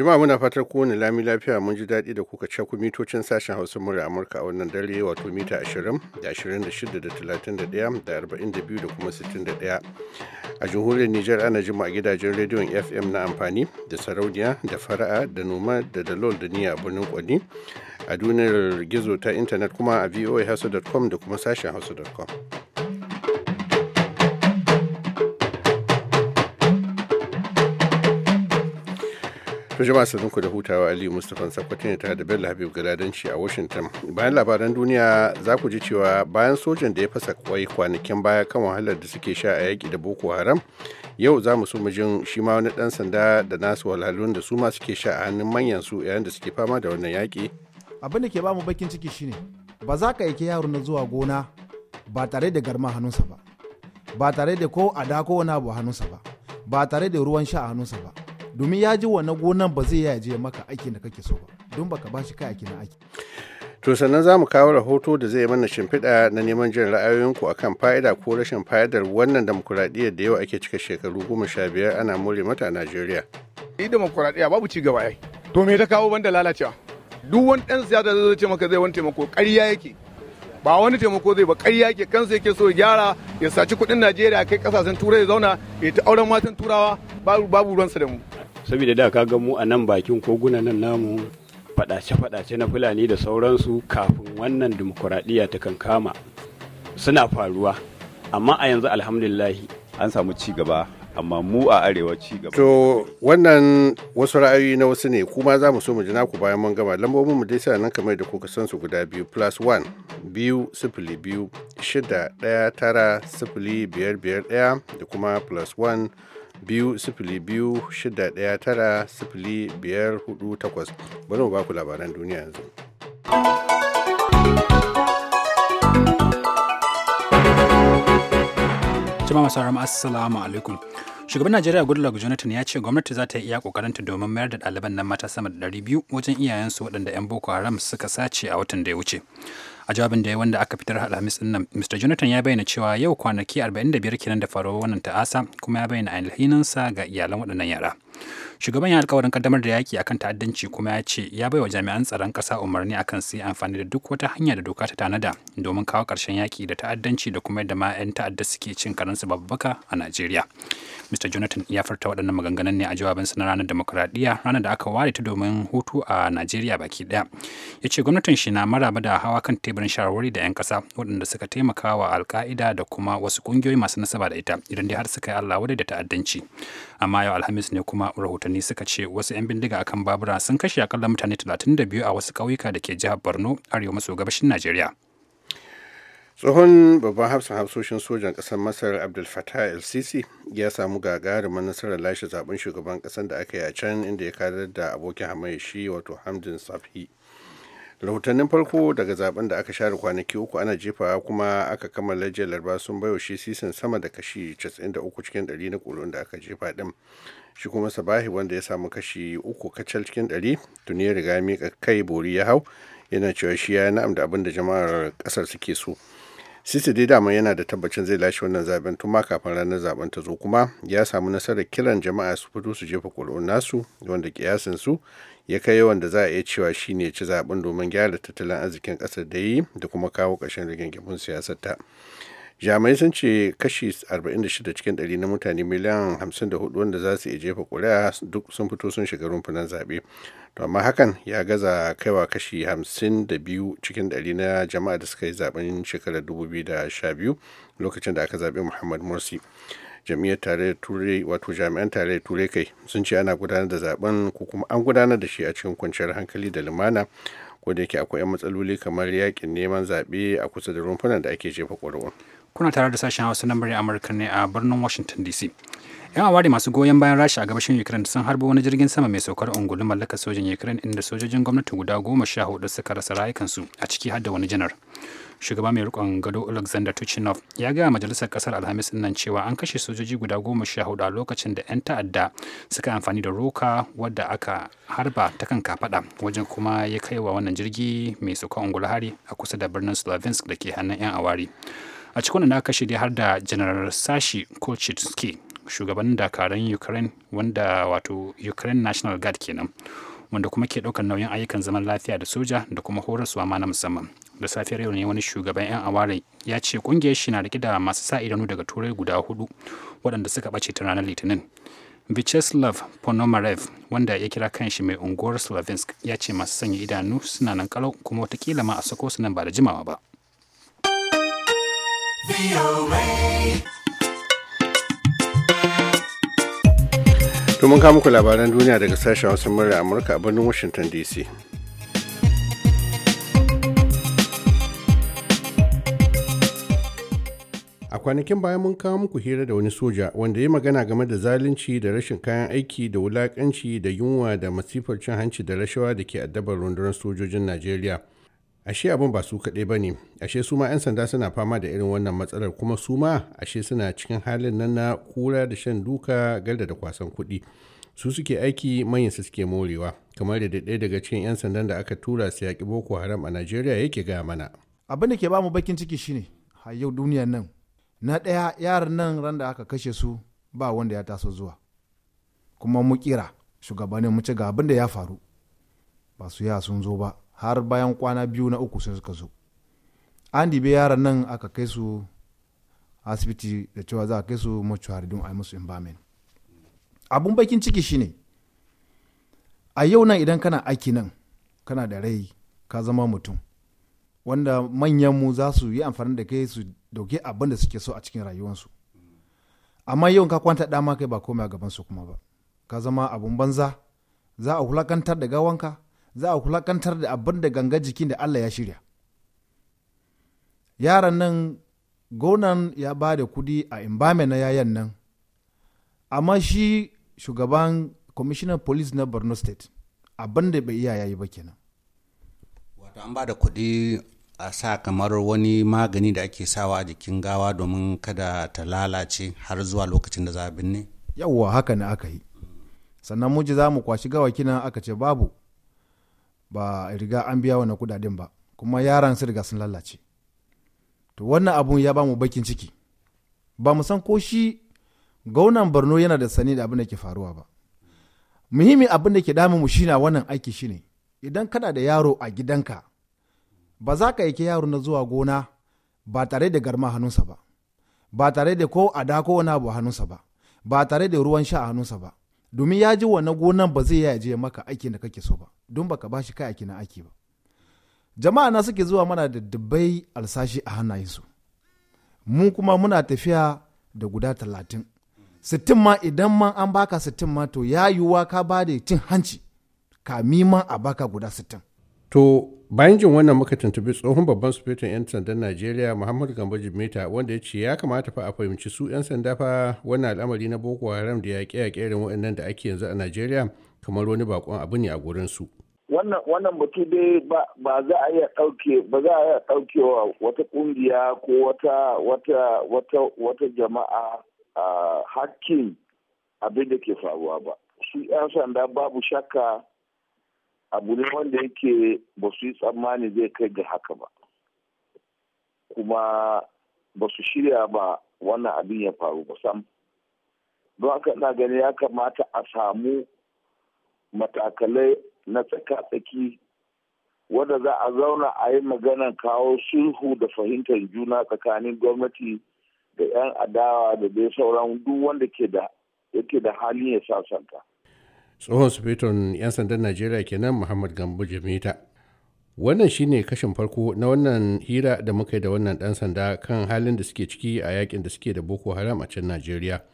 juma'a muna fatar kowane lami lafiya mun ji daɗi da kuka cakun mitocin sashen Hausa murya Amurka a wannan dare wato mita 20 da 26 da 31 da 42 da kuma 61. A jamhuriyar Nijar ana jima a gidajen rediyon FM na amfani da sarauniya da fara'a da noma da dalol da niya a birnin Kwani. A duniyar gizo ta intanet kuma a voahausa.com da kuma sashen hausa.com. To jama'a sanunku da hutawa Aliyu Mustapha ne ta da Bello Habib Galadanci a Washington. Bayan labaran duniya za ku ji cewa bayan sojan da ya fasa kwai kwanakin baya kan wahalar da suke sha a yaƙi da Boko Haram, yau za mu so mu jin shi ma wani ɗan sanda da nasu walhalun da su ma suke sha a hannun manyan su yayin da suke fama da wannan yaƙi. Abin da ke ba mu bakin ciki shine ba za ka aike yaro na zuwa gona ba tare da garma hannunsa ba, ba tare da ko ada ko wani abu hannunsa ba, ba tare da ruwan sha a hannunsa ba. domin ya ji wannan gonan ba zai yaje maka aikin da kake so ba don baka ba shi kayaki na aiki to sannan za mu kawo rahoto da zai mana shimfiɗa na neman jin ra'ayoyinku akan fa'ida ko rashin fa'idar wannan demokuraɗiyya da yau ake cika shekaru goma sha biyar ana more mata a najeriya ni demokuraɗiyya babu ci gaba yai to me ta kawo banda lalacewa duk wani ɗan siyasa zai ce maka zai wani taimako ƙarya yake ba wani taimako zai ba ƙarya yake kansa yake so ya gyara ya saci kuɗin najeriya kai ƙasashen turai ya zauna ya ta auren matan turawa babu ruwansa da mu saboda da ka mu a nan bakin koguna nan namu fadace-fadace na fulani da sauransu kafin wannan dimokuraɗiyya ta kan kama suna faruwa amma a yanzu alhamdulillahi an samu ci gaba amma mu a arewa ci gaba to wannan wasu ra'ayoyi na wasu ne kuma za mu so mu ji naku bayan mun gama lambobin mu dai sa nan kamar da kuka san su guda biyu plus one biyu sifili biyu shida ɗaya tara sifili biyar biyar ɗaya da kuma plus one biyu sifili biyu shida daya tara sifili biyar hudu takwas bari mu baku labaran duniya yanzu jama'a masu alaikum shugaban najeriya goodluck jonathan ya ce gwamnati za ta yi iya kokarinta domin mayar da ɗaliban nan mata sama da 200 wajen iyayensu waɗanda 'yan boko haram suka sace a watan da ya wuce a jawabin da ya wanda aka fitar alhamis din nan mr jonathan ya bayyana cewa yau kwanaki 45 kenan da faruwar wannan ta'asa kuma ya bayyana sa ga iyalan waɗannan yara shugaban ya alkawarin kaddamar da yaki akan ta'addanci kuma ya ce ya baiwa jami'an tsaron ƙasa umarni akan su yi amfani da duk wata hanya da doka ta tanada domin kawo ƙarshen yaki da ta'addanci da kuma yadda ma 'yan ta'adda suke cin karansu babbaka a najeriya mr jonathan ya furta waɗannan maganganun ne a jawabinsa na ranar demokuraɗiyya ranar da aka ware ta domin hutu a najeriya baki ɗaya ya ce gwamnatin shi na maraba da hawa kan teburin shawarwari da 'yan ƙasa waɗanda suka taimaka wa alka'ida da kuma wasu ƙungiyoyi masu nasaba da ita idan dai har suka yi allah wadai da ta'addanci amma yau alhamis ne kuma rahotanni suka ce wasu 'yan bindiga akan babura sun kashe akalla mutane 32 a wasu ƙauyuka da ke jihar borno arewa maso gabashin najeriya tsohon babban hafsan hafsoshin sojan ƙasar masar abdul fatah el sisi ya samu gagarumin nasarar lashe zaben shugaban ƙasar da aka yi a can inda ya karar da abokin hamayi shi wato hamdin safi rahotannin farko daga zaben da aka share kwanaki uku ana jefawa kuma aka kammala jiya sun bayo shi sisin sama da kashi 93 cikin 100 na kulun da aka jefa din shi kuma sabahi wanda ya samu kashi uku kacal cikin 100 tuni ya riga mika kai bori ya hau yana cewa shi ya na'am da abin da jama'ar ƙasar suke so Sisi dai dama yana da tabbacin zai lashe wannan zaben tun ma kafin ranar zaben ta zo kuma ya samu nasarar kiran jama'a su fito su jefa ƙuri'un nasu wanda kiyasin su ya kai yawan da za a iya cewa shine ci zaben domin gyara tattalin arzikin kasar da yi da kuma kawo ƙarshen rigingimun siyasar ta. jami'ai sun ce kashi 46 cikin 100 na mutane miliyan 54 wanda za su iya jefa ƙuri'a duk sun fito sun shiga rumfunan zaɓe to amma hakan ya gaza kaiwa kashi 52 cikin 100 na jama'a da suka yi zaɓen shekarar 2012 lokacin da aka zaɓi muhammad morsi jami'ar tare turai wato jami'an tare turai kai sun ce ana gudanar da zaben ko kuma an gudanar da shi a cikin kwanciyar hankali da lumana ko da yake akwai matsaloli kamar yakin neman zaɓe a kusa da rumfunan da ake jefa ƙuri'un kuna tare da sashen hausa na murya amurka ne a birnin washington dc yan awari masu goyon bayan rasha a gabashin ukraine sun harbo wani jirgin sama mai saukar ungulu mallakar sojin ukraine inda sojojin gwamnati guda goma sha hudu suka rasa rayukansu a ciki har da wani janar shugaba mai rikon gado alexander tuchinov ya gaya majalisar kasar alhamis nan cewa an kashe sojoji guda goma sha hudu a lokacin da 'yan ta'adda suka amfani da roka wadda aka harba ta kan kafada wajen kuma ya kai wa wannan jirgi mai saukar ungulu hari a kusa da birnin slavinsk da ke hannun 'yan awari a cikin na kashe dai har da general sashi kochitsky shugaban dakarun ukraine wanda wato ukraine national guard kenan wanda kuma ke ɗaukar nauyin ayyukan zaman lafiya da soja da kuma horaswa ma na musamman da safiyar yau ne wani shugaban 'yan aware ya ce kungiyar shi na rike da masu sa idanu daga turai guda hudu waɗanda suka ɓace ta ranar litinin vicheslav Ponomarev wanda ya kira kanshi mai unguwar Slavinsk ya ce masu sanya idanu suna nan kalau kuma watakila ma a sako su nan ba da jimawa ba. domin kawo muku labaran duniya daga sashen wasu murya amurka a birnin washington dc a kwanakin baya mun kawo muku hira da wani soja wanda ya magana game da zalunci da rashin kayan aiki da wulakanci da yunwa da masifar cin hanci da rashawa da ke addabar rundunar sojojin najeriya ashe abun ba su kaɗai ba ne ashe su ma 'yan sanda suna fama da irin wannan matsalar kuma su ma ashe suna cikin halin nan na kura da shan duka galda da kwasan kuɗi su suke aiki manyan su suke morewa kamar da ɗaya daga cikin 'yan sandan da aka tura su yaƙi boko haram a najeriya yake gaya mana abin da ke ba mu bakin ciki shine a yau duniyar nan na ɗaya yaran nan ran da aka kashe su ba wanda ya taso zuwa kuma mu kira shugabanin mu ci ga abin da ya faru ba su ya sun zo ba har bayan kwana biyu na uku sai suka zo an dibe yaran nan aka kai su asibiti da cewa za a kai su mortuary don a yi musu abun bakin ciki shine a yau nan idan kana aiki nan kana da rai ka zama mutum wanda manyanmu za su yi amfani da kai su dauke abin da suke so a cikin rayuwarsu amma yau ka kwanta dama kai ba komai a gabansu kuma ba ka zama abun banza za a hulakantar da gawanka za a kulakantar da abin da ganga jikin da Allah ya shirya yaran nan gonan ya ba da kudi a imbame na yayan nan amma shi shugaban commissioner police na borno state abin da bai iya yayi ba kenan wato an ba da kudi a sa kamar wani magani da ake sawa a jikin gawa domin kada ta lalace har zuwa lokacin da za a binne yawwa haka ne aka yi sannan muji za mu kwashi gawa nan aka ce babu ba riga an biya wani kudaden ba kuma yaran su riga sun lalace to wannan abun ya ba mu bakin ciki ba mu san ko shi gaunan borno yana da sani da abin da ke faruwa ba muhimmin abin da ke damu mu na wannan aiki shine idan kana da yaro a gidanka ba za ka yake yaro na zuwa gona ba tare da garma hannunsa ba ba tare da ko a dako wani abu hannunsa ba ba tare da ruwan sha a hannunsa ba domin ya ji wannan gonan ba zai yaje maka aikin da kake so ba don baka ba shi kayaki na aiki ba jama'a na suke zuwa mana da dubbai alsashi a hannayensu mu kuma muna tafiya da guda talatin sittin ma idan ma an baka sittin ma to ya yiwuwa ka ba da cin hanci ka ma a baka guda sittin to bayan jin wannan muka tuntubi tsohon babban sufetin 'yan sandan najeriya muhammadu gambo jimeta wanda ya ce ya kamata fa a fahimci su 'yan sanda fa wani al'amari na boko haram da ya yaƙe irin waɗannan da ake yanzu a najeriya kamar wani bakon abu ne a gurin su wannan batu dai ba za a iya ɗauke ba za a iya ɗaukewa wata ƙungiya ko wata wata wata wata jama'a a hakkin abin da ke faruwa ba shi 'yan sanda babu shakka abu ne wanda yake ba su yi tsammani zai kai ga haka ba kuma ba su shirya ba wannan abin ya faru ba sam don haka na gani ya kamata a samu matakalai na tsaka-tsaki wadda za a zauna a yi maganan kawo sulhu da fahimtar juna tsakanin gwamnati da 'yan adawa da dai sauran duk wanda ke da yake da halin ya sasanta. tsohon sufeton 'yan sandan najeriya kenan muhammad gambo jamita wannan shine kashin farko na wannan hira da muka yi da wannan dan sanda kan halin da suke ciki a yakin da suke da boko haram a can najeriya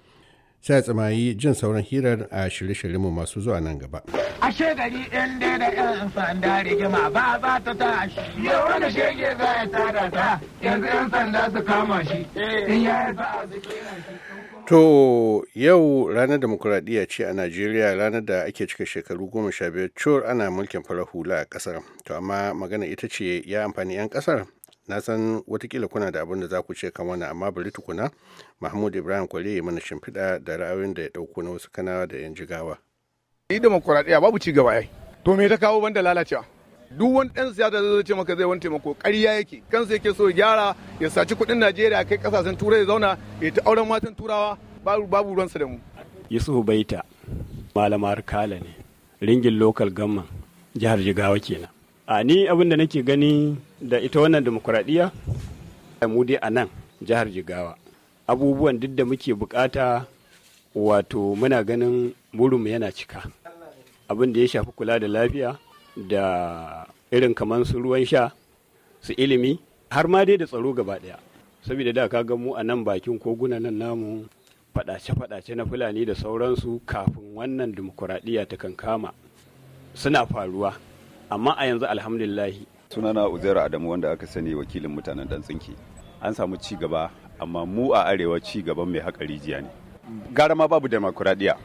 sai tsamayi jin sauran hirar a shirye mu masu zuwa nan gaba. Ashe gari ɗin da da ƴan sanda rigima ba za ta tashi. Yau wani shege za ya tada ta yanzu ɗan sanda su kama shi. Eh. In ya yi ba a To yau ranar demokuraɗiyya ce a Najeriya ranar da ake cika shekaru goma sha biyar cur ana mulkin farar hula a ƙasar. To amma magana ita ce ya amfani 'yan ƙasar na san watakila kuna da abin da za ku ce kan wannan amma bari tukuna mahmud ibrahim kwale ya mana shimfiɗa da ra'ayoyin da ya ɗauko na wasu kanawa da yan jigawa ni demokuraɗiyya babu ci gaba ai to me ta kawo banda lalacewa duk wani ɗan siyasa zai ce maka zai wani taimako ƙarya yake kansa yake so ya gyara ya saci kuɗin najeriya kai ƙasashen turai ya zauna ya ta auren matan turawa babu ruwansa da mu yusufu baita malamar kala ne ringin lokal gamman jihar jigawa kenan a ni abin da nake gani da ita wannan demokuraɗiyya mu dai a nan jihar jigawa abubuwan duk da muke bukata wato muna ganin burinmu yana cika abin da ya shafi kula da lafiya da irin kamar su ruwan sha su ilimi har ma dai da tsaro gaba ɗaya saboda da ka mu a nan bakin koguna nan namu fadace-fadace na fulani da sauransu kafin wannan dimokuraɗiyya ta kan kama suna faruwa amma a yanzu alhamdulillahi sunana uzairu adamu wanda aka sani wakilin mutanen dan tsinki an samu ci gaba amma mu a arewa ci gaban mai haƙa jiya ne gara ma babu demokuraɗiya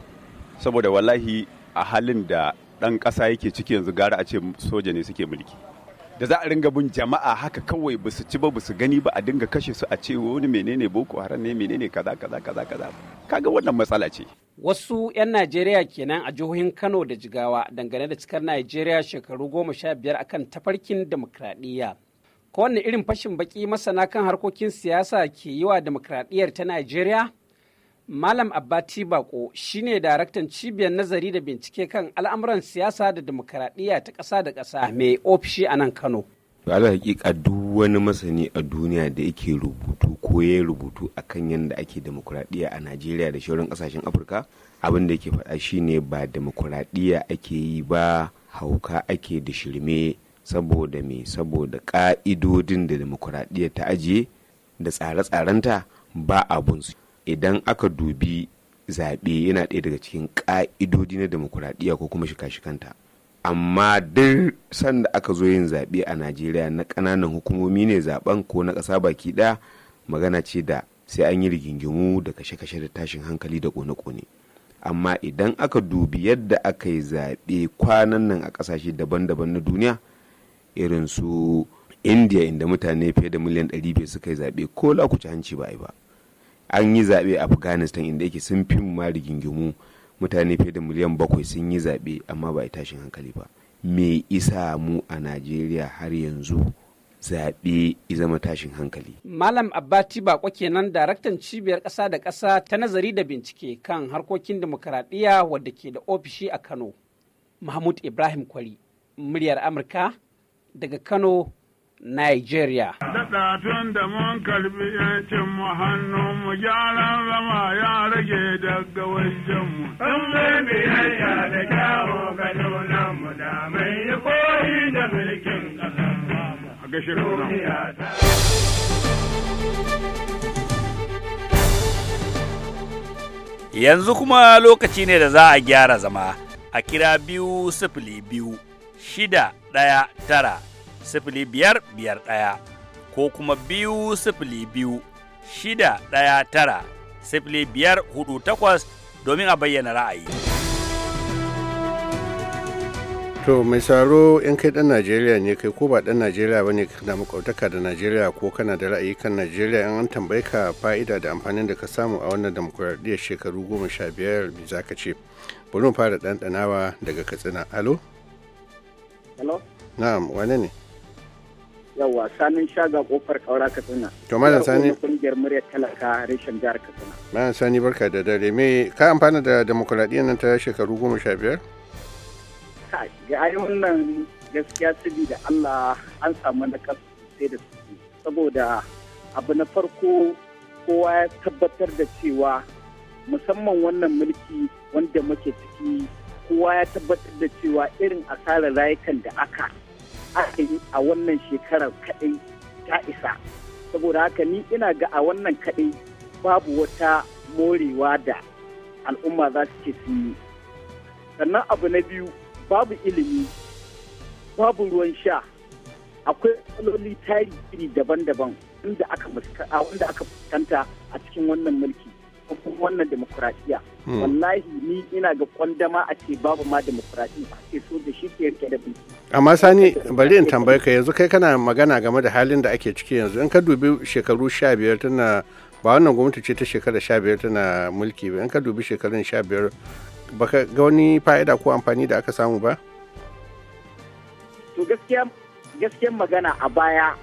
saboda wallahi a halin da ɗan ƙasa yake ciki yanzu gara a ce soja ne suke mulki da za a ringa bin jama'a haka kawai ba su ci ba su gani ba a dinga kashe su a ce wani menene boko haram ne menene kaza kaza kaza kaza kaga wannan matsala ce Wasu 'yan Najeriya kenan a jihohin Kano da Jigawa dangane da cikar Najeriya shekaru goma sha biyar a kan tafarkin demokradiyya. Kowane irin fashin baki masana kan harkokin siyasa ke yi wa demokradiyyar ta Najeriya? Malam Abbati Bako shine daraktan cibiyar nazari da bincike kan al'amuran siyasa da demokradiyya ta ƙasa da ƙasa mai ofishi a nan Kano. ala hakika duk wani masani a duniya da yake rubutu ko ya rubutu a kan yadda ake demokuraɗiyya a najeriya da shauran ƙasashen afirka abin da yake faɗa shine ba demokuraɗiyya ake yi ba hauka ake da shirme saboda me saboda ƙa'idodin da demokuraɗiyya ta ajiye da tsare-tsarenta ba abun su idan aka dubi zaɓe yana ɗaya daga cikin ƙa'idodi na demokuraɗiyya ko kuma shika-shikanta amma duk sanda aka zo yin zaɓe a najeriya na ƙananan hukumomi ne zaɓen ko na ƙasa baki ɗaya magana ce da sai an yi rigingimu da kashe-kashe da tashin hankali da ƙone-ƙone amma idan aka dubi yadda aka yi zaɓe kwanan nan a ƙasashe daban-daban na duniya irin su india inda mutane fiye da miliyan 500 suka yi zaɓe ko lakuci hanci ba yi ba an yi zaɓe afghanistan inda yake sun fi ma rigingimu mutane fiye da miliyan bakwai sun yi zaɓe amma ba a tashin hankali ba me isa mu a najeriya har yanzu zaɓe zama tashin hankali. Malam Abbati Bako kenan daraktan cibiyar ƙasa da ƙasa ta nazari da bincike kan harkokin demokaradiyya wadda ke da ofishi a Kano. Mahmud Ibrahim Kwari, muryar Amurka daga Kano, Nigeria. Daɗa tun da mun karɓi yancin mu hannun mu gyaran zama ya rage daga wajen mu. Sun mai biyayya da kyawo ga mu da mai yi koyi da mulkin ƙasar A Yanzu kuma lokaci ne da za a gyara zama a kira biyu sifili biyu shida ɗaya tara sifili biyar biyar ɗaya ko kuma biyu sifili biyu shida ɗaya tara sifili biyar hudu takwas domin a bayyana ra'ayi. To mai saro in kai ɗan Najeriya ne kai ko ba ɗan Najeriya ba ne kana makautaka da Najeriya ko kana da ra'ayi kan Najeriya in an tambaye ka fa'ida da amfanin da ka samu a wannan demokuraɗiyyar shekaru goma sha biyar me za ka ce. Bari mu fara ɗanɗanawa daga Katsina. alo. Na'am, wane ne? yawa sanin shaga kofar kaura katsina to malam sani kungiyar murya talaka reshen jihar katsina malam sani barka da dare me ka amfana da demokradiyya nan ta shekaru goma sha biyar ga ayi wannan gaskiya sabi da allah an samu na kasu sai da su saboda abu na farko kowa ya tabbatar da cewa musamman wannan mulki wanda muke ciki kowa ya tabbatar da cewa irin asarar rayukan da aka aka yi a wannan shekarar kaɗai ta isa saboda haka ni ina ga a wannan kaɗai babu wata morewa da al'umma za su ce sun yi sannan abu na biyu babu ilimi babu ruwan sha akwai tsaloli tarihi daban-daban wanda aka fuskanta a cikin wannan mulki kafin wannan demokuraɗiyya hmm. wallahi ni ina ga kwandama a ce babu ma demokuraɗiyya ce so da shi ke rike da bi amma sani bari in tambaye ka yanzu kai kana magana game da halin da ake ciki yanzu in ka dubi shekaru sha biyar tana ba wannan gwamnati ce ta shekara sha biyar tana mulki ba in ka dubi shekarun sha biyar baka ga wani fa'ida ko amfani da aka samu ba to gaskiya gaskiya magana a baya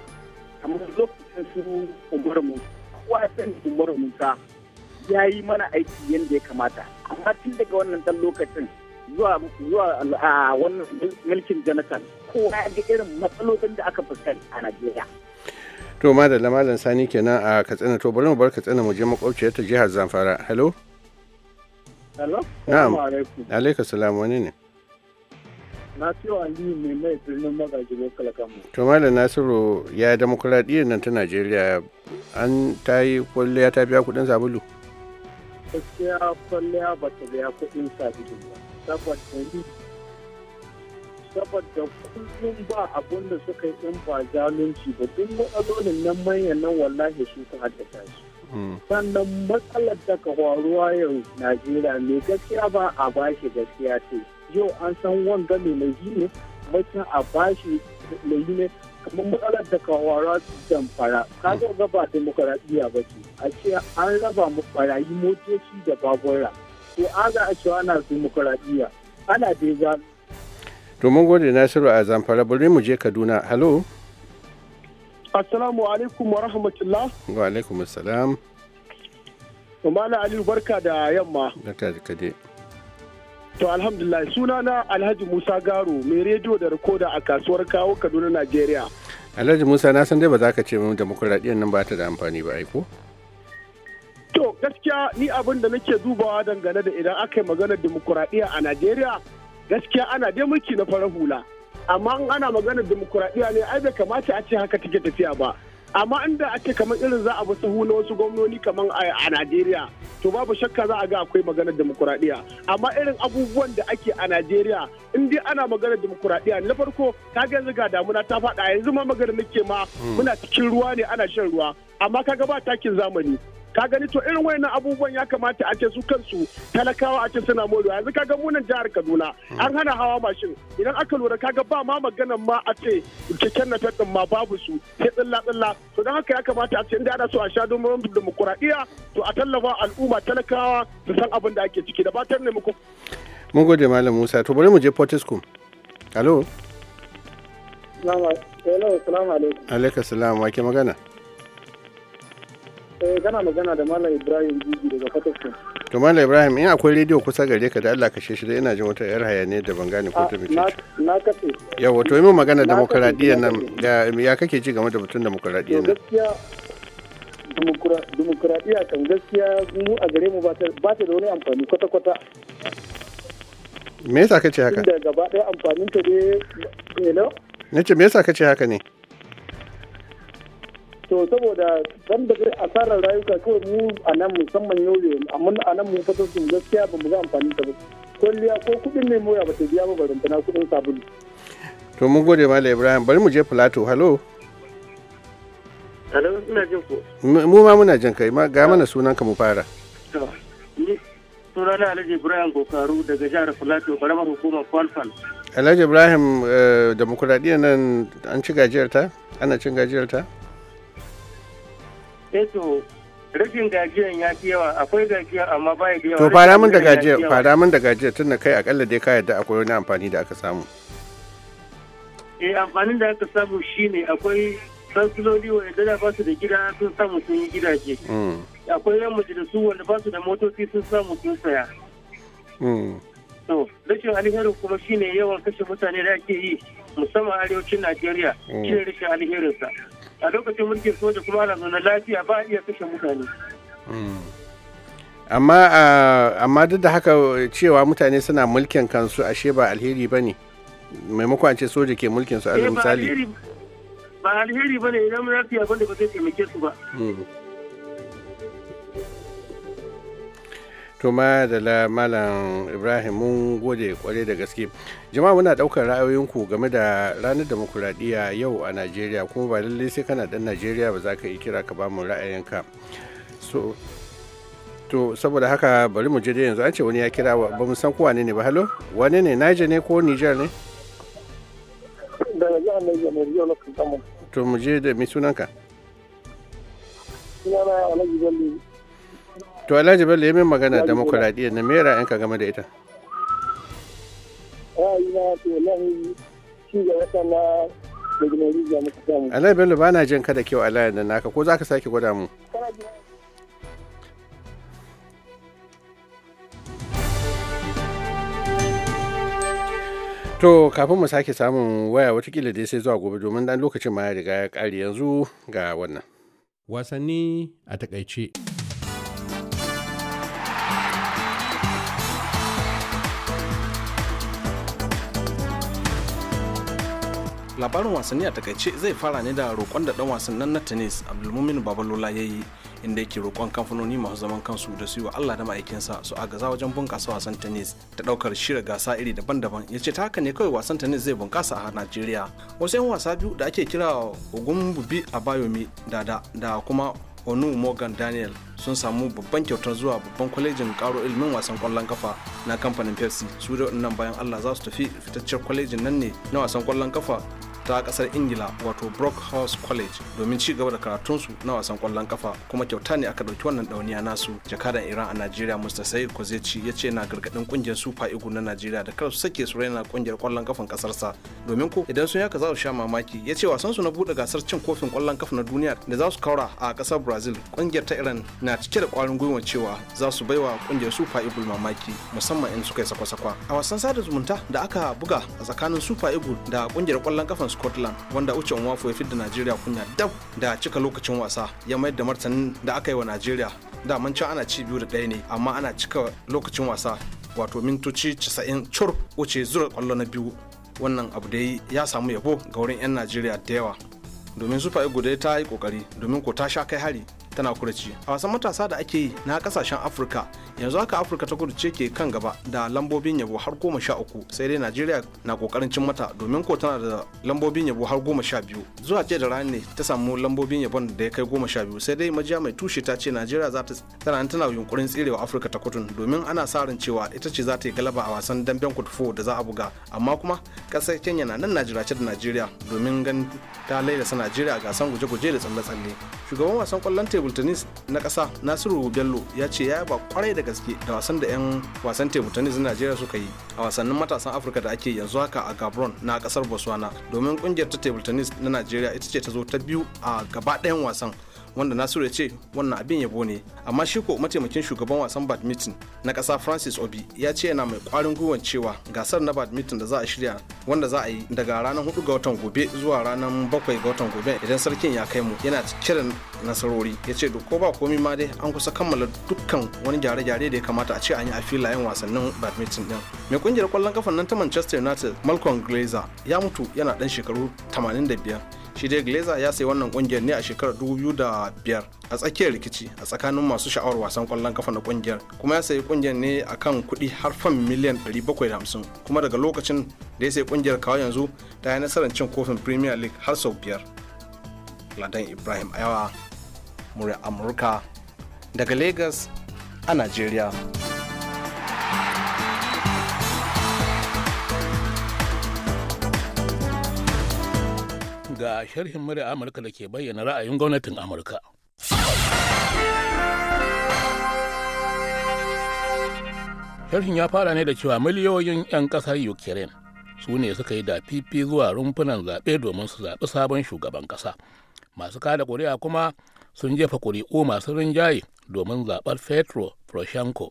kamar lokacin su umaru musa kowa ya sani umaru musa ya yi mana aiki yadda ya kamata amma tun daga wannan dan lokacin zuwa zuwa wannan mulkin jonathan kowa ya ga irin matsalolin da aka fuskanta a najeriya to da malam sani kenan a katsina to bari mu bar katsina mu je makwabciyar ta jihar zamfara hello hello na'am alaikum salam wani ne na ciwo aliyu mai mai birnin magaji lokal kamo to malam nasiru ya demokuraɗiyyar nan ta najeriya an ta yi kwalliya ta biya kuɗin sabulu gaskiya ba ta biya kuɗin ba saboda saboda kullum ba abun da suka yi in ba zalunci ba duk matsalolin nan manyan nan wallahi su ka haddasa shi. Hmm. sannan matsalar da ka faruwa yau najeriya mai gaskiya ba a bashi gaskiya ce yau an san wanga mai laifi ne mutum a bashi yi ne kamar matsalar da kawara fara. ka ga mm. ba demokaradiyya ba ce a ce an raba mu barayi motoci da babura to a za a cewa ana demokaradiyya ana dai za to mun gode nasiru a zamfara bari mu je kaduna halo assalamu alaikum wa rahmatullah wa alaikum assalam Umar Aliyu barka da yamma. Barka da kade. To alhamdulillah na Alhaji Musa Garo mai rediyo da rikoda a kasuwar kawo Kaduna Najeriya. Alhaji Musa na san dai ba za ka ce mun demokuraɗiyan nan ba ta da amfani ba aiko? To gaskiya ni abin da nake dubawa dangane da idan aka yi maganar demokuraɗiyya a Najeriya gaskiya ana dai mulki na farar hula. Amma in ana maganar demokuraɗiyya ne ai bai kamata a ce haka take tafiya ba. amma inda ake kamar irin za a bi sahu na wasu gwamnoni kamar a Najeriya to babu shakka za a ga akwai maganar demokuraɗiyya amma irin abubuwan da ake a Najeriya in dai ana maganar demokuraɗiyya na farko ka ga yanzu ga damuna ta faɗa yanzu ma maganar nake ma hmm. muna cikin ruwa ne ana shan ruwa amma kaga ba takin zamani ka gani to irin wayannan abubuwan ya kamata a ce su kansu talakawa a ce suna moriwa yanzu kaga munan jihar Kaduna an hana hawa mashin idan aka lura kaga ba ma maganan ma a ce keken na din ma babu su sai tsilla tsilla to don haka ya kamata a ce inda ana so a sha domin demokuraɗiyya to a tallafa al'umma talakawa su san abin da ake ciki da fatan ne muku. Mun gode Malam Musa to bari mu je Port Alo. Salamu alaikum. Alaikum salam wake magana. eh kana magana da malam ibrahim jiji daga fataskun to malam ibrahim in akwai rediyo kusa gare ka da allah ka shi da ina jin wata yar hayaniya da ban gane ko ta fice ah, na kace yawa to yi mu magana demokaradiyyar nan ya kake ji game da batun demokaradiyyar nan demokuraɗiyya kan gaskiya mu a gare mu ba ta da wani amfani kwata-kwata me yasa kace haka Inda gaba ɗaya amfanin ta ne. hello nace me yasa kace haka ne to saboda dan da asarar rayuka kawai mu a nan musamman yau amma a nan mun fito su gaskiya ba mu ga amfani ta ba liya ko kudin ne moya ba ta biya ba barantana kudin sabulu to mun gode ma ibrahim bari mu je plateau hello hello ina jin ku mu ma muna jin kai ma ga mana sunan ka mu fara sunana alhaji ibrahim gokaru daga jihar plateau karamar hukumar kwalfal alhaji ibrahim eh, demokuraɗiyyar nan an ci gajiyar ta ana cin gajiyar ta eto eh rashin gajiyan ya fi yawa akwai gajiya amma ba da yawa to fara min da gajiya fara min da gajiya tunda kai akalla dai ka yadda akwai wani amfani da aka samu eh amfanin da aka samu shine akwai sansiloli wani dada ba su da gida sun samu sun yi gidaje hmm. akwai yan majalisu wanda ba su da motoci sun samu sun saya hmm. to rashin alherin kuma shine yawan kashe mutane da ake yi musamman arewacin najeriya hmm. shine rashin alherinsa a lokacin mulkin soja kuma ana zaune lafiya ba a iya kashe mutane hmm. amma amma duk da haka cewa mutane suna mulkin kansu ashe ba alheri ba ne maimakon ce soja ke mulkin su a eh, misali ba alheri ba ne idan lafiya ne ba zai taimake su ba hmm. Tuma da la Malam Ibrahim mun gode kwarai da gaske. Jama'a muna ɗaukar ra'ayoyinku game da ranar demokuraɗiyya yau a Najeriya kuma ba lallai sai kana ɗan Najeriya ba za ka yi kira ka ba mu ra'ayinka. So, to saboda haka bari mu je da yanzu an ce wani ya kira ba mu san kowa ne ba halo wani ne Niger ne ko Niger ne? Daga jihar Niger ne To mu je da mai sunanka? to alhaji bello ya min magana demokuraɗiyya na mera yanka game da ita alhaji bello ba na jin kada kyau alhaji da naka ko za ka sake gwada mu To kafin mu sake samun waya watakila dai sai zuwa gobe domin dan lokacin ma ya riga ya kare yanzu ga wannan. Wasanni a takaice. labarin wasanni a takaice zai fara ne da roƙon da ɗan nan na tennis abdulmumin babalola ya yi inda yake roƙon kamfanoni masu zaman kansu da su yi wa allah da ma'aikinsa su agaza wajen bunƙasa wasan tennis ta ɗaukar shirya gasa iri daban-daban ya ce ta haka ne kawai wasan tennis zai bunƙasa a nigeria wasu 'yan wasa biyu da ake kira a bayomi dada da kuma onu morgan daniel sun samu babban kyautar zuwa babban kwalejin karo ilimin wasan kwallon kafa na kamfanin pepsi su da nan bayan allah za su tafi fitaccen kwalejin nan ne na wasan kwallon kafa ta kasar ingila wato house college domin ci gaba da karatunsu na wasan kwallon kafa kuma kyauta ne aka ɗauki wannan ɗauniya nasu jakadan iran a najeriya musta sai kwazeci ya ce na gargaɗin kungiyar super igu na najeriya da kar su sake su raina kungiyar kwallon kafan ƙasarsa domin ko idan sun yaka za su sha mamaki ya ce wasan su na buɗe gasar cin kofin kwallon kafa na duniya da za su kaura a kasar brazil ƙungiyar ta iran na cike da kwarin gwiwa cewa za su wa ƙungiyar super eagle mamaki musamman in suka yi sakwa-sakwa a wasan sada zumunta da aka buga a tsakanin super eagle da kungiyar kwallon kafan scotland wanda uche nwafo ya fidda najeriya kunya dab da cika lokacin wasa ya mayar da martanin da aka yi wa najeriya da can ana ci biyu da ɗaya ne amma ana cika lokacin wasa wato mintoci 90 cur wuce zura kwallo na biyu wannan abu da ya samu yabo ga wurin 'yan najeriya da yawa domin super eagles dai ta yi kokari domin ko ta sha kai hari tana kurci a wasan matasa da ake yi na kasashen afirka yanzu haka afirka ta kudu ce ke kan gaba da lambobin yabo har goma sha uku sai dai najeriya na kokarin cin mata domin ko tana da lambobin yabo har goma sha biyu zuwa ce da rani ne ta samu lambobin yabon da ya kai goma sha biyu sai dai majiya mai tushe ta ce najeriya za ta tana tana yunkurin tserewa afirka ta kudu domin ana sa ran cewa ita ce za ta yi galaba a wasan damben fo da za a buga amma kuma kasar kenya na nan najeriya ce da najeriya domin ganin ta lailasa najeriya a gasan guje-guje da tsalle-tsalle shugaban wasan kwallon table tennis na kasa nasiru bello ya ce ya yaba kwarai daga gaske da wasan da 'yan wasan tebu tennis na Najeriya suka yi a wasannin matasan Afirka da ake yanzu haka a Gabon na kasar Botswana domin kungiyar ta tebu tennis na Najeriya ita ce ta zo ta biyu a gaba ɗayan wasan wanda nasiru ya ce wannan abin yabo ne amma shi ko mataimakin shugaban wasan badminton na kasa francis obi ya ce yana mai kwarin gwiwan cewa gasar na badminton da za a shirya wanda za a yi daga ranar hudu ga watan gobe zuwa ranar bakwai ga watan gobe idan sarkin ya kai mu yana kiran nasarori ya ce ko ba komi ma dai an kusa kammala dukkan wani gyare-gyare da ya kamata a ce an yi a filayen wasannin badminton din mai kungiyar kwallon kafan nan ta manchester united malcolm glazer ya mutu yana dan shekaru 85 shi dai glazer ya sayi wannan kungiyar ne a shekarar 2005 a tsakiyar rikici a tsakanin masu sha'awar wasan kwallon kafa na kungiyar kuma ya sayi kungiyar ne kan kuɗi har fan miliyan 750 kuma daga lokacin da ya sayi kungiyar kawo yanzu ta yi nasarar cin kofin premier league har sau biyar ladan ibrahim ayawa murya amurka daga lagos a nigeria ga sharhin murya Amurka da ke bayyana ra'ayin gwamnatin Amurka. Sharhin ya fara ne da cewa miliyoyin 'yan ƙasar Ukraine su ne suka yi da fifi zuwa rumfunan zaɓe domin su zaɓi sabon shugaban ƙasa. Masu kada ƙuri'a kuma sun jefa ƙuri'u masu rinjaye domin zaɓar Petro Poroshenko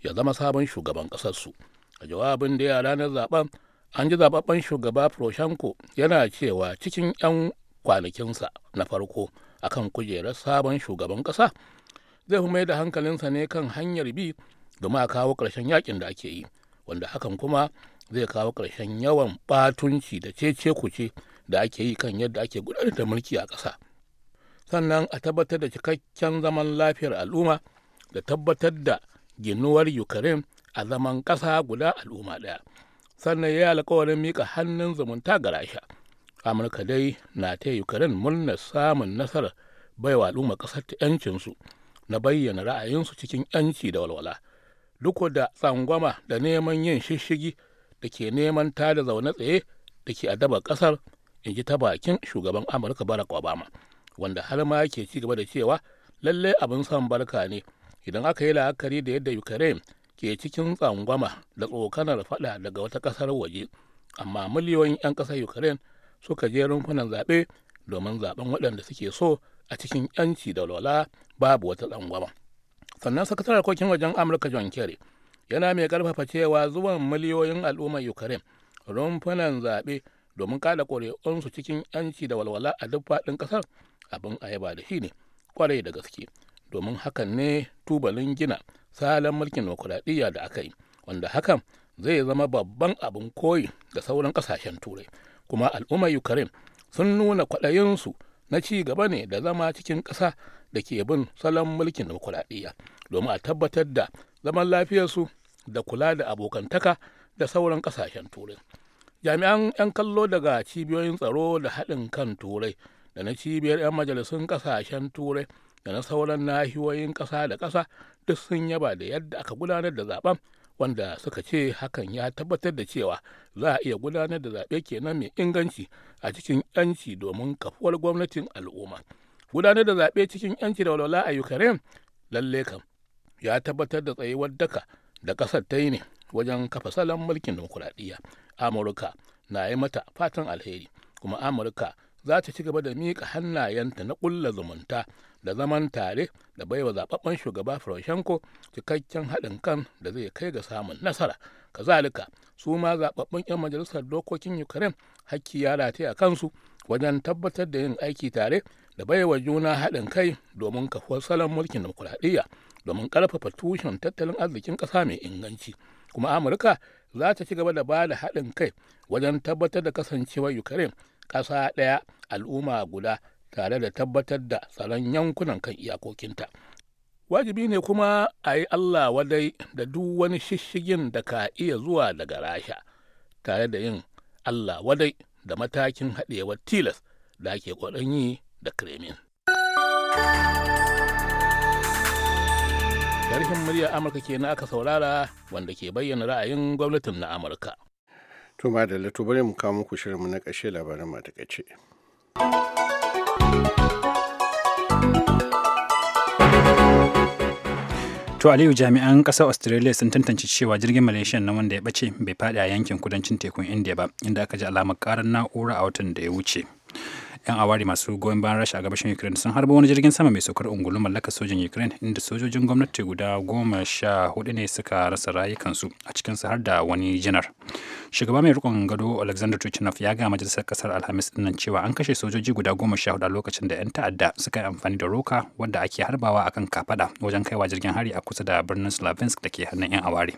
ya zama sabon shugaban ƙasarsu. A jawabin da ya ranar zaɓen an ji zababben shugaba Poroshenko yana cewa cikin 'yan kwanakinsa na farko akan kujerar sabon shugaban ƙasa zai fi mai da hankalinsa ne kan hanyar bi domin a kawo ƙarshen yakin da ake yi wanda hakan kuma zai kawo ƙarshen yawan batunci da cece kuce da ake yi kan yadda ake gudanar da mulki a ƙasa sannan a tabbatar da cikakken zaman lafiyar al'umma da tabbatar da ginuwar ukraine a zaman ƙasa guda al'umma ɗaya sannan ya yi alkawarin mika hannun zumunta ga rasha amurka dai na ta ukraine murnar samun nasarar baiwa al'umma ƙasar ta 'yancinsu na bayyana ra'ayinsu cikin 'yanci da walwala duk da tsangwama da neman yin shishigi da ke neman ta da zaune tsaye da ke adaba ƙasar in ji ta bakin shugaban amurka barack obama wanda har ma ke ci gaba da cewa lallai abin son barka ne idan aka yi la'akari da yadda ukraine ke cikin tsangwama da tsokanar fada daga wata kasar waje amma miliyoyin 'yan kasar ukraine suka je rumfunan zaɓe domin zaɓen waɗanda suke so a cikin 'yanci da lola babu wata tsangwama sannan sakataren harkokin wajen amurka john kerry yana mai karfafa cewa zuwan miliyoyin al'ummar ukraine rumfunan zaɓe domin kada ƙuri'unsu cikin 'yanci da walwala a duk faɗin kasar abin a yaba da shi ne kwarai da gaske domin hakan ne tubalin gina salon mulkin demokuraɗiyya da aka yi wanda hakan zai zama babban abin koyi da sauran ƙasashen turai kuma al'ummar ukraine sun nuna kwaɗayinsu na ci gaba ne da zama cikin ƙasa da ke bin salon mulkin demokuraɗiyya domin a tabbatar da zaman lafiyarsu da kula da abokantaka da sauran ƙasashen turai jami'an 'yan kallo daga cibiyoyin tsaro da haɗin kan turai da na cibiyar 'yan majalisun ƙasashen turai da na sauran nahiyoyin ƙasa da ƙasa duk sun yaba da yadda aka gudanar da zaben wanda suka ce hakan ya tabbatar da cewa za a iya gudanar da zaɓe kenan mai inganci a cikin 'yanci domin kafuwar gwamnatin al'umma gudanar da zaɓe cikin 'yanci da walwala a ukraine lalle kam ya tabbatar da tsayuwar daka da ƙasar ta yi ne wajen kafa salon mulkin dimokuraɗiyya amurka na yi mata fatan alheri kuma amurka za ta ci gaba da miƙa hannayenta na ƙulla zumunta da zaman tare da baiwa zaɓaɓɓen shugaba Poroshenko cikakken haɗin kan da zai kai ga samun nasara. Kazalika, su ma zaɓaɓɓen 'yan majalisar dokokin Ukraine hakki ya rataye a kansu wajen tabbatar da yin aiki tare da baiwa juna haɗin kai domin kafuwar salon mulkin demokuraɗiyya domin ƙarfafa tushen tattalin arzikin ƙasa mai inganci. Kuma Amurka za ta ci gaba da ba da haɗin kai wajen tabbatar da kasancewar Ukraine ƙasa ɗaya al'umma guda tare da tabbatar da tsaron yankunan kan iyakokinta wajibi ne kuma a yi allah wadai da duk wani shishigin da ka iya zuwa daga rasha tare da yin allah wadai da matakin haɗewar tilas da ake yi da kremin sharhin murya amurka ke kenan aka saurara wanda ke bayyana ra'ayin gwamnatin na amurka To ma da lato bari mu kawo muku shirinmu na ƙashe labaran matakaice. To Aliyu jami'an ƙasar Australia sun tantance cewa jirgin Malaysia na wanda ya ɓace bai faɗi a yankin kudancin tekun India ba, inda aka ji alamar ƙarar na'ura a watan da ya wuce. 'yan awari masu goyon bayan rasha a gabashin ukraine sun harba wani jirgin sama mai saukar ungulu mallakar sojin ukraine inda sojojin gwamnati guda goma sha hudu ne suka rasa rayukansu a cikinsu har da wani janar shugaba mai rikon gado alexander tuchinov ya ga majalisar kasar alhamis dinnan cewa an kashe sojoji guda goma sha hudu a lokacin da 'yan ta'adda suka yi amfani da roka wadda ake harbawa akan kafada wajen kaiwa jirgin hari a kusa da birnin slavinsk da ke hannun 'yan awari.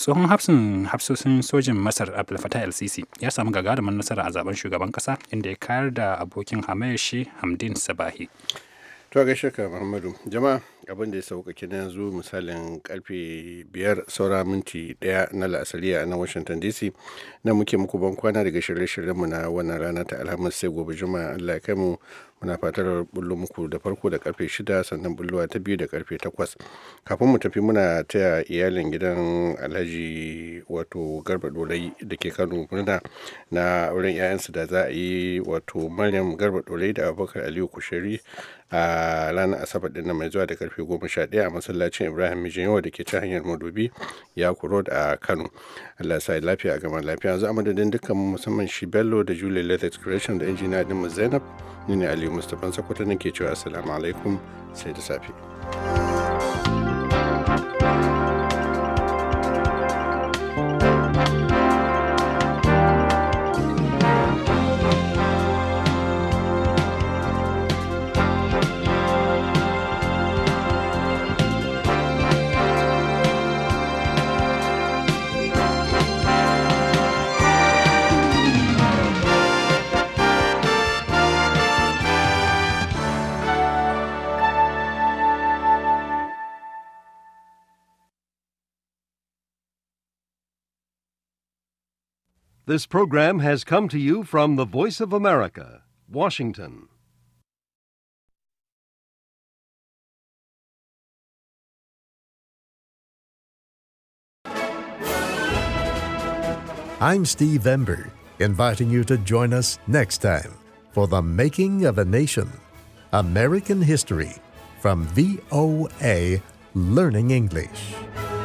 tsohon hafsin hafsosin sojin masar abdulfata lcc ya samu gagarumin nasara a zaben shugaban kasa inda ya kayar da abokin hamayashi hamdin sabahi to ga ka muhammadu jama'a abin da ya sauka na yanzu misalin karfe biyar saura minti daya na la'asariya a nan washington dc na muke muku ban kwana daga shirye-shiryenmu na wannan rana ta alhamis sai gobe juma'a allah ya kai mu muna fatar bullo muku da farko da karfe shida sannan bullowa ta biyu da karfe 8 kafin mu tafi muna taya iyalin gidan alhaji wato garba dorai da ke kano murna na wurin 'ya'yansu da za a yi wato maryam garba dorai da abubakar aliyu kushari a ranar asabar din mai zuwa da karfe goma sha 11 a masallacin ibrahim mijin yawa da ke ta hanyar madobi ya a kano allah sa lafiya a gaban lafiya yanzu amadadin madadin dukkan musamman shi bello da julia latex creation da injiniya dinmu zainab ni ne aliyu mustapha sakwata nake cewa assalamu alaikum sai da safe This program has come to you from the Voice of America, Washington. I'm Steve Ember, inviting you to join us next time for The Making of a Nation American History from VOA Learning English.